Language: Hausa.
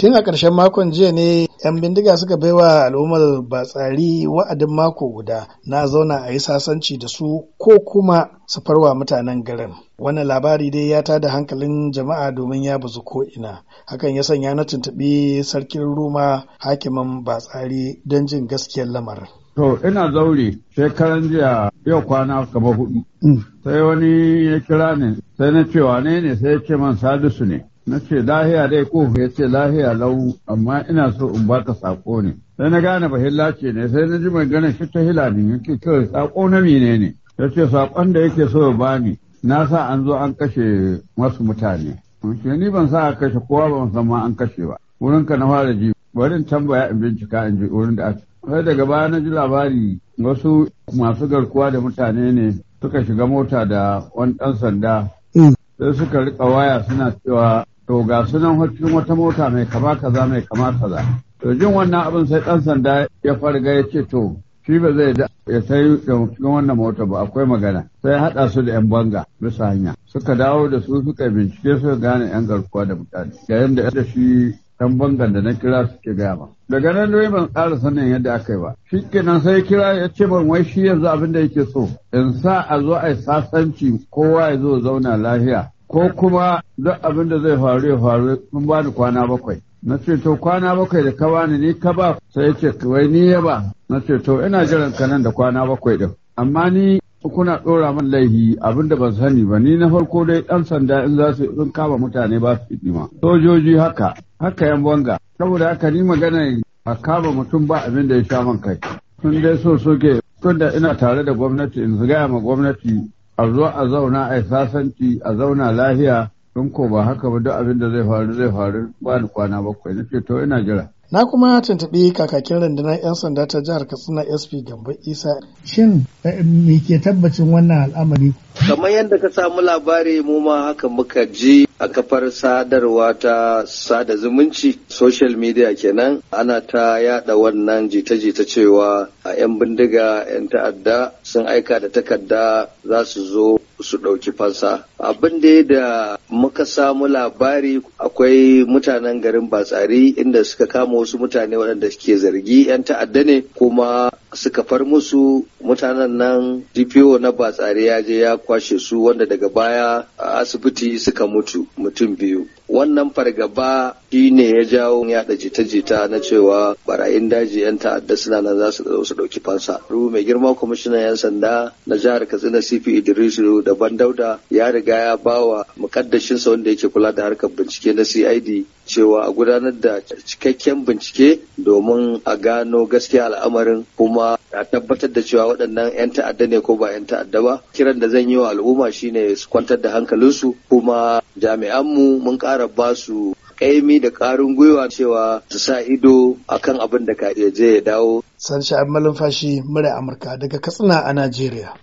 tun a ƙarshen makon jiya ne 'yan bindiga suka baiwa al'ummar batsari wa'adin mako guda na zauna a yi sasanci da su ko kuma su farwa mutanen garin wannan labari dai ya tada hankalin jama'a domin ya bazu ko'ina hakan ya sanya na tuntuɓi sarkin ruma hakiman batsari don jin gaskiyar lamarin To ina zaure shekaran jiya yau kwana gaba hudu. Mm. Sai wani ya kira ne sai na cewa ne ne sai ya ce man sadisu ne. na ce lahiya dai ko ya ce lahiya lau amma ina so in ba baka sako ne sai na gane ba hilla ce ne sai na ji maganar shi ta hila ne yake kawai sako na mine ne ya ce sakon da yake so ya bani na sa an zo an kashe masu mutane ce ni ban sa a kashe kowa ban san ma an kashe ba wurin ka na fara ji bari in tambaya in bincika in ji wurin da ake sai daga baya na ji labari wasu masu garkuwa da mutane ne suka shiga mota da wani ɗan sanda sai suka riƙa waya suna cewa to ga sunan cikin wata mota mai kama kaza mai kama kaza to jin wannan abin sai dan sanda ya farga ya ce to shi ba zai da ya sai cikin wannan mota ba akwai magana sai haɗa su da 'yan banga bisa hanya suka dawo da su suka bincike suka gane 'yan garkuwa da mutane yayin da shi ɗan bangan da na kira suke gaya ba. Daga nan dai ban tsara sanin yadda aka yi ba. Shi kenan sai kira ya ce ban wai shi yanzu abin da yake so. In sa a zo a yi sasanci kowa ya zo zauna lahiya? Ko kuma duk abin da zai faru ya faru sun ba ni kwana bakwai. Na ce to kwana bakwai da ka bani ni ka ba sai ya ce wai ni ya ba. Na ce to ina jiran ka nan da kwana bakwai din. Amma ni kuna ɗora man laifi abin da ban sani ba ni na farko dai ɗan sanda in za su in kama mutane ba su ɗima sojoji haka haka yan banga saboda haka ni magana a kama mutum ba abin da ya sha man kai sun dai so soke tun da ina tare da gwamnati in gaya ma gwamnati a zo a zauna a sasanci a zauna lafiya Tun ko ba haka ba duk abin da zai faru zai faru ba ni kwana bakwai na ce to ina jira Na kuma tuntuɓi kakakin rundunar 'yan sanda ta jihar Katsina SP Gambo Isa. Shin eh, me ke tabbacin wannan al'amari? Kamar yadda ka samu labari mu ma haka muka ji a kafar sadarwa ta sada zumunci social media kenan ana ta yada wannan jita-jita cewa a 'yan bindiga 'yan ta'adda sun aika da takarda za su zo su ɗauki fansa abin da ya da muka samu labari akwai mutanen garin batsari inda suka kama wasu mutane waɗanda suke zargi 'yan ta'adda ne kuma suka far musu mutanen nan DPO na batsari ya je ya kwashe su wanda daga baya a asibiti suka mutu mutum biyu wannan fargaba shi ne ya jawo yaɗa jita-jita na cewa barayin daji 'yan ta'adda suna nan za su su ɗauki fansa. Ruhu mai girma kwamishinan 'yan sanda na jihar Katsina CP Idrisu da Bandauda ya riga ya bawa mukaddashinsa wanda yake kula da harkar bincike na CID cewa a gudanar da cikakken bincike domin a gano gaskiya al'amarin kuma a tabbatar da cewa waɗannan 'yan ta'adda ne ko ba 'yan ta'adda ba kiran da zan yi wa al'umma shine su kwantar da hankalinsu kuma jami'anmu mun ƙara ba su ƙaimi da ƙarin gwiwa cewa su sa ido akan abin da ka je ya dawo. Sarshe Malumfashi, Murai Amurka daga Katsina a Najeriya.